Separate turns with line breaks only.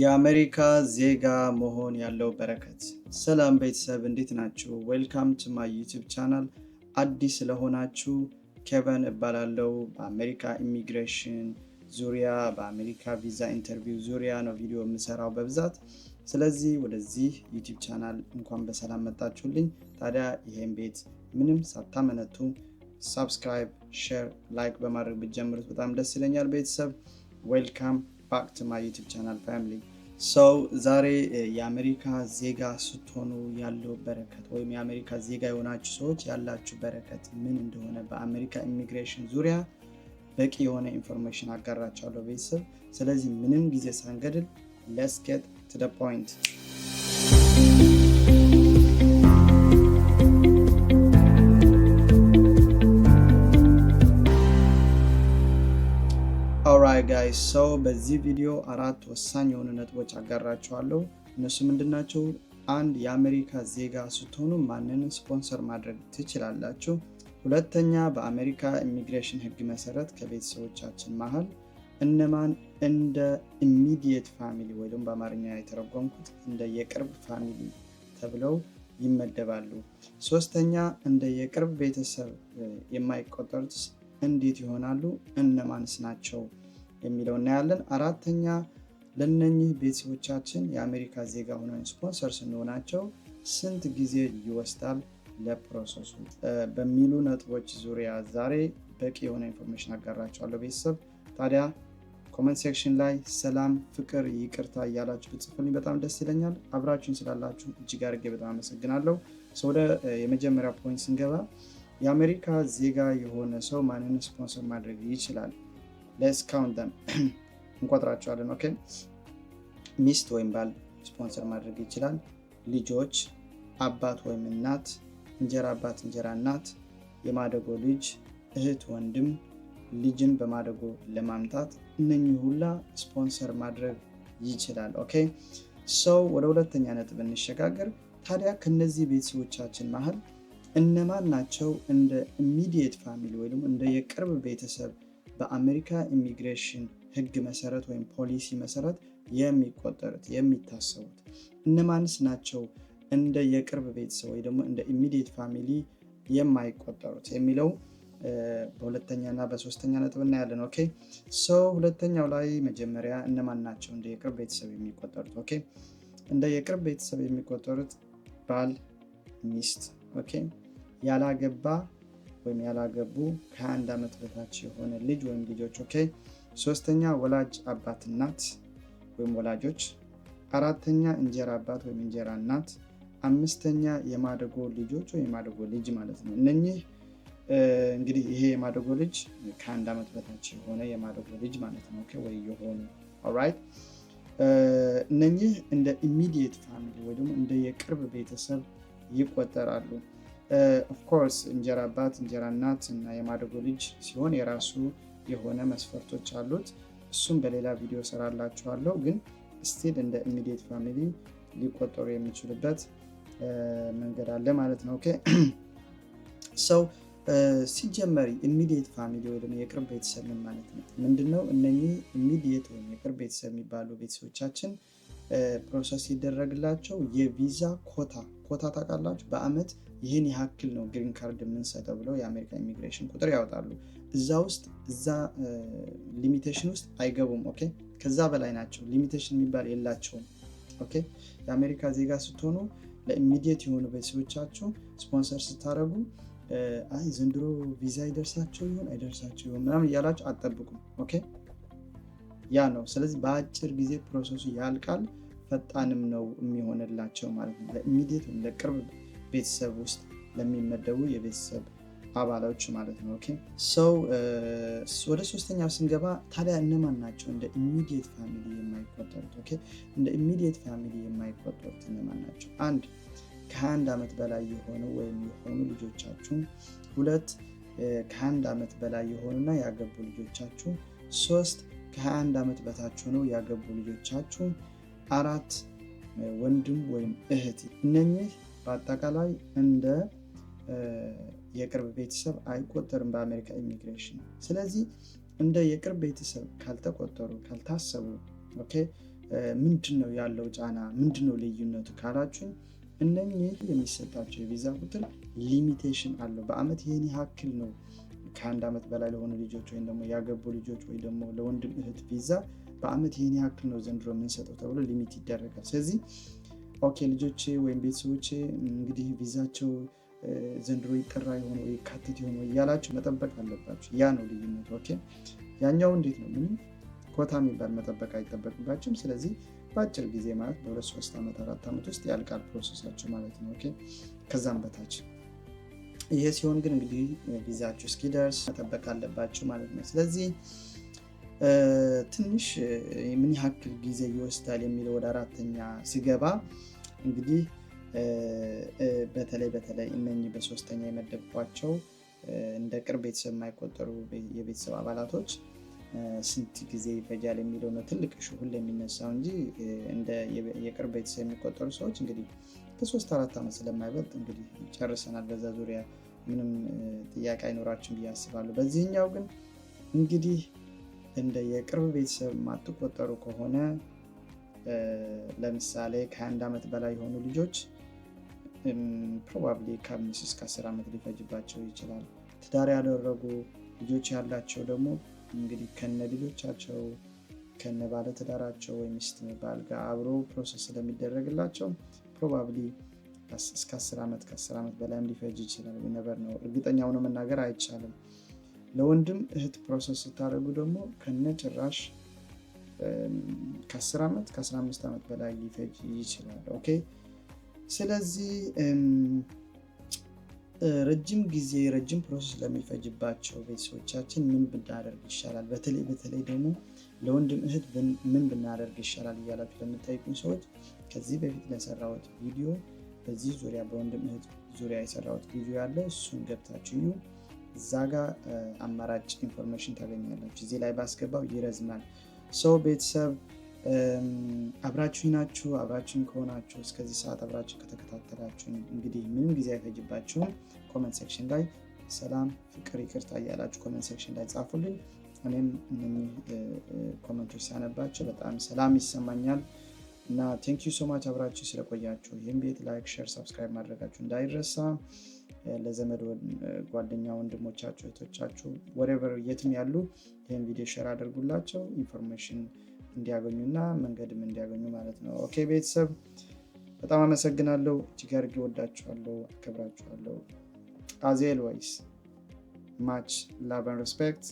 የአሜሪካ ዜጋ መሆን ያለው በረከት። ሰላም ቤተሰብ እንዴት ናችሁ? ዌልካም ቱ ማይ ዩቲዩብ ቻናል። አዲስ ስለሆናችሁ ኬቨን እባላለው። በአሜሪካ ኢሚግሬሽን ዙሪያ በአሜሪካ ቪዛ ኢንተርቪው ዙሪያ ነው ቪዲዮ የምሰራው በብዛት። ስለዚህ ወደዚህ ዩቲዩብ ቻናል እንኳን በሰላም መጣችሁልኝ። ታዲያ ይሄን ቤት ምንም ሳታመነቱ ሳብስክራይብ፣ ሼር፣ ላይክ በማድረግ ብትጀምሩት በጣም ደስ ይለኛል ቤተሰብ ዌልካም ባክ ቱ ማይ ዩቲብ ቻናል ፋሚሊ ሰው ዛሬ eh, የአሜሪካ ዜጋ ስትሆኑ ያለው በረከት ወይም የአሜሪካ ዜጋ የሆናችሁ ሰዎች ያላችሁ በረከት ምን እንደሆነ በአሜሪካ ኢሚግሬሽን ዙሪያ በቂ የሆነ ኢንፎርሜሽን አጋራችኋለሁ ቤተሰብ። ስለዚህ ምንም ጊዜ ሳንገድል ለስ ቱ ደ ፖይንት ጋይስ ሰው በዚህ ቪዲዮ አራት ወሳኝ የሆኑ ነጥቦች አጋራችኋለሁ። እነሱ ምንድናቸው? አንድ የአሜሪካ ዜጋ ስትሆኑ ማንን ስፖንሰር ማድረግ ትችላላችሁ? ሁለተኛ በአሜሪካ ኢሚግሬሽን ህግ መሰረት ከቤተሰቦቻችን መሀል እነማን እንደ ኢሚዲየት ፋሚሊ ወይ ደግሞ በአማርኛ የተረጎምኩት እንደ የቅርብ ፋሚሊ ተብለው ይመደባሉ። ሶስተኛ እንደ የቅርብ ቤተሰብ የማይቆጠሩት እንዴት ይሆናሉ? እነማንስ ናቸው? የሚለው እናያለን። አራተኛ ለነኚህ ቤተሰቦቻችን የአሜሪካ ዜጋ ሆነን ስፖንሰር ስንሆናቸው ስንት ጊዜ ይወስዳል ለፕሮሰሱ በሚሉ ነጥቦች ዙሪያ ዛሬ በቂ የሆነ ኢንፎርሜሽን አጋራቸዋለሁ። ቤተሰብ ታዲያ ኮመንት ሴክሽን ላይ ሰላም፣ ፍቅር፣ ይቅርታ እያላችሁ ብጽፉልኝ በጣም ደስ ይለኛል። አብራችሁን ስላላችሁ እጅግ አድርጌ በጣም አመሰግናለሁ። ወደ የመጀመሪያ ፖይንት ስንገባ የአሜሪካ ዜጋ የሆነ ሰው ማንን ስፖንሰር ማድረግ ይችላል? ሌስ ካውንት ደም እንቆጥራቸዋለን። ኦኬ ሚስት ወይም ባል ስፖንሰር ማድረግ ይችላል። ልጆች፣ አባት ወይም እናት፣ እንጀራ አባት፣ እንጀራ እናት፣ የማደጎ ልጅ፣ እህት፣ ወንድም ልጅን በማደጎ ለማምጣት እነኚህ ሁላ ስፖንሰር ማድረግ ይችላል። ኦኬ ሰው ወደ ሁለተኛ ነጥብ እንሸጋገር። ታዲያ ከነዚህ ቤተሰቦቻችን መሀል እነማን ናቸው እንደ ኢሚዲየት ፋሚሊ ወይም እንደ የቅርብ ቤተሰብ በአሜሪካ ኢሚግሬሽን ህግ መሰረት ወይም ፖሊሲ መሰረት የሚቆጠሩት የሚታሰቡት እነማንስ ናቸው? እንደ የቅርብ ቤተሰብ ወይ ደግሞ እንደ ኢሚዲየት ፋሚሊ የማይቆጠሩት የሚለው በሁለተኛ እና በሶስተኛ ነጥብ እናያለን። ኦኬ ሰው ሁለተኛው ላይ መጀመሪያ እነማን ናቸው እንደ የቅርብ ቤተሰብ የሚቆጠሩት? ኦኬ እንደ የቅርብ ቤተሰብ የሚቆጠሩት ባል፣ ሚስት፣ ኦኬ ያላገባ ወይም ያላገቡ ከአንድ ዓመት በታች የሆነ ልጅ ወይም ልጆች። ኦኬ። ሶስተኛ ወላጅ አባት እናት ወይም ወላጆች። አራተኛ እንጀራ አባት ወይም እንጀራ እናት። አምስተኛ የማደጎ ልጆች ወይም የማደጎ ልጅ ማለት ነው። እነኚህ እንግዲህ ይሄ የማደጎ ልጅ ከአንድ ዓመት በታች የሆነ የማደጎ ልጅ ማለት ነው ኦኬ ወይ የሆኑ ኦራይት። እነኚህ እንደ ኢሚዲየት ፋሚሊ ወይ ደግሞ እንደ የቅርብ ቤተሰብ ይቆጠራሉ። ኦፍኮርስ እንጀራ አባት እንጀራ እናት እና የማደጎ ልጅ ሲሆን የራሱ የሆነ መስፈርቶች አሉት። እሱም በሌላ ቪዲዮ ሰራላችኋለሁ። ግን ስቲል እንደ ኢሚዲየት ፋሚሊ ሊቆጠሩ የሚችሉበት መንገድ አለ ማለት ነው። ሰው ሲጀመሪ ኢሚዲየት ፋሚሊ ወይ ደግሞ የቅርብ ቤተሰብ ምን ማለት ነው? ምንድነው? እነኚህ ኢሚዲየት ወይም የቅርብ ቤተሰብ የሚባሉ ቤተሰቦቻችን ፕሮሰስ ሲደረግላቸው የቪዛ ኮታ ኮታ ታውቃላችሁ በአመት ይህን ያክል ነው ግሪን ካርድ የምንሰጠው ብለው የአሜሪካ ኢሚግሬሽን ቁጥር ያወጣሉ። እዛ ውስጥ እዛ ሊሚቴሽን ውስጥ አይገቡም። ኦኬ ከዛ በላይ ናቸው። ሊሚቴሽን የሚባል የላቸውም። ኦኬ የአሜሪካ ዜጋ ስትሆኑ ለኢሚዲየት የሆኑ ቤተሰቦቻችሁ ስፖንሰር ስታደረጉ አይ ዘንድሮ ቪዛ ይደርሳቸው ይሆን አይደርሳቸው ይሆን ምናምን እያላቸው አጠብቁም። ኦኬ ያ ነው። ስለዚህ በአጭር ጊዜ ፕሮሰሱ ያልቃል። ፈጣንም ነው የሚሆንላቸው ማለት ነው ለኢሚዲየት ለቅርብ ቤተሰብ ውስጥ ለሚመደቡ የቤተሰብ አባላዎች ማለት ነው። ኦኬ ሰው ወደ ሶስተኛው ስንገባ ታዲያ እነማን ናቸው እንደ ኢሚዲየት ፋሚሊ የማይቆጠሩት? ኦኬ እንደ ኢሚዲየት ፋሚሊ የማይቆጠሩት እነማን ናቸው? አንድ ከአንድ ዓመት በላይ የሆኑ ወይም የሆኑ ልጆቻችሁ፣ ሁለት ከአንድ ዓመት በላይ የሆኑና ያገቡ ልጆቻችሁ፣ ሶስት ከ21 ዓመት በታች ሆነው ያገቡ ልጆቻችሁ፣ አራት ወንድም ወይም እህት እነኚህ በአጠቃላይ እንደ የቅርብ ቤተሰብ አይቆጠርም በአሜሪካ ኢሚግሬሽን። ስለዚህ እንደ የቅርብ ቤተሰብ ካልተቆጠሩ ካልታሰቡ፣ ምንድን ነው ያለው ጫና? ምንድን ነው ልዩነቱ ካላችሁ እነኚህ የሚሰጣቸው የቪዛ ቁጥር ሊሚቴሽን አለው። በአመት ይህን ያክል ነው። ከአንድ ዓመት በላይ ለሆኑ ልጆች ወይም ደግሞ ያገቡ ልጆች ወይ ደግሞ ለወንድም እህት ቪዛ በአመት ይህን ያክል ነው ዘንድሮ የምንሰጠው ተብሎ ሊሚት ይደረጋል። ስለዚህ ኦኬ ልጆቼ ወይም ቤተሰቦቼ እንግዲህ ቪዛቸው ዘንድሮ ይጠራ የሆነ የካቲት የሆነ እያላችሁ መጠበቅ አለባችሁ። ያ ነው ልዩነት። ኦኬ ያኛው እንዴት ነው? ምንም ኮታ የሚባል መጠበቅ አይጠበቅባችሁም። ስለዚህ በአጭር ጊዜ ማለት በሁለት ሶስት ዓመት አራት ዓመት ውስጥ ያልቃል ፕሮሰሳችሁ ማለት ነው። ኦኬ ከዛም በታች ይሄ ሲሆን ግን እንግዲህ ቪዛችሁ እስኪደርስ መጠበቅ አለባችሁ ማለት ነው። ስለዚህ ትንሽ ምን ያክል ጊዜ ይወስዳል የሚለው ወደ አራተኛ ስገባ እንግዲህ በተለይ በተለይ እነህ በሶስተኛ የመደብኳቸው እንደ ቅርብ ቤተሰብ የማይቆጠሩ የቤተሰብ አባላቶች ስንት ጊዜ ይፈጃል የሚለው ነው ትልቅ ሁሌ የሚነሳው እንጂ እንደ የቅርብ ቤተሰብ የሚቆጠሩ ሰዎች እንግዲህ ከሶስት አራት ዓመት ስለማይበልጥ እንግዲህ ጨርሰናል። በዛ ዙሪያ ምንም ጥያቄ አይኖራችን ብዬ አስባለሁ። በዚህኛው ግን እንግዲህ እንደ የቅርብ ቤተሰብ ማትቆጠሩ ከሆነ ለምሳሌ ከአንድ ዓመት በላይ የሆኑ ልጆች ፕሮባብሊ ከአምስት እስከ 10 ዓመት ሊፈጅባቸው ይችላል። ትዳር ያደረጉ ልጆች ያላቸው ደግሞ እንግዲህ ከነ ልጆቻቸው ከነ ባለትዳራቸው ወይም ወይ ባል ጋር አብሮ ፕሮሰስ ስለሚደረግላቸው ፕሮባብሊ እስከ 10 ዓመት ከ10 ዓመት በላይም ሊፈጅ ይችላል። ነበር ነው እርግጠኛ ሆነ መናገር አይቻልም። ለወንድም እህት ፕሮሰስ ስታደርጉ ደግሞ ከነ ጭራሽ ከ10 ዓመት ከ15 ዓመት በላይ ሊፈጅ ይችላል። ኦኬ። ስለዚህ ረጅም ጊዜ ረጅም ፕሮሰስ ለሚፈጅባቸው ቤተሰቦቻችን ምን ብናደርግ ይሻላል? በተለይ በተለይ ደግሞ ለወንድም እህት ምን ብናደርግ ይሻላል እያላችሁ ለምታይቁኝ ሰዎች ከዚህ በፊት ለሰራሁት ቪዲዮ በዚህ ዙሪያ በወንድም እህት ዙሪያ የሰራሁት ቪዲዮ ያለ እሱን ገብታችሁ እዛ ጋ አማራጭ ኢንፎርሜሽን ታገኛላችሁ። እዚህ ላይ ባስገባው ይረዝማል። ሰው ቤተሰብ አብራችሁ ናችሁ። አብራችሁን ከሆናችሁ እስከዚህ ሰዓት አብራችሁ ከተከታተላችሁ እንግዲህ ምንም ጊዜ አይፈጅባችሁም። ኮመንት ሴክሽን ላይ ሰላም፣ ፍቅር፣ ይቅርታ እያላችሁ ኮመንት ሴክሽን ላይ ጻፉልኝ። እኔም እነኚህ ኮመንቶች ሳነባቸው በጣም ሰላም ይሰማኛል እና ቴንክ ዩ ሶማች አብራችሁ ስለቆያችሁ። ይህም ቤት ላይክ፣ ሼር፣ ሰብስክራይብ ማድረጋችሁ እንዳይረሳ ለዘመድ ጓደኛ፣ ወንድሞቻችሁ፣ እህቶቻችሁ ወሬቨር የትም ያሉ ይህን ቪዲዮ ሸር አድርጉላቸው ኢንፎርሜሽን እንዲያገኙና መንገድም እንዲያገኙ ማለት ነው። ኦኬ ቤተሰብ በጣም አመሰግናለሁ። ጅጋር አድርጌ ወዳችኋለሁ፣ አከብራችኋለሁ። አዝ ማች ላቭ ኤንድ ሪስፔክት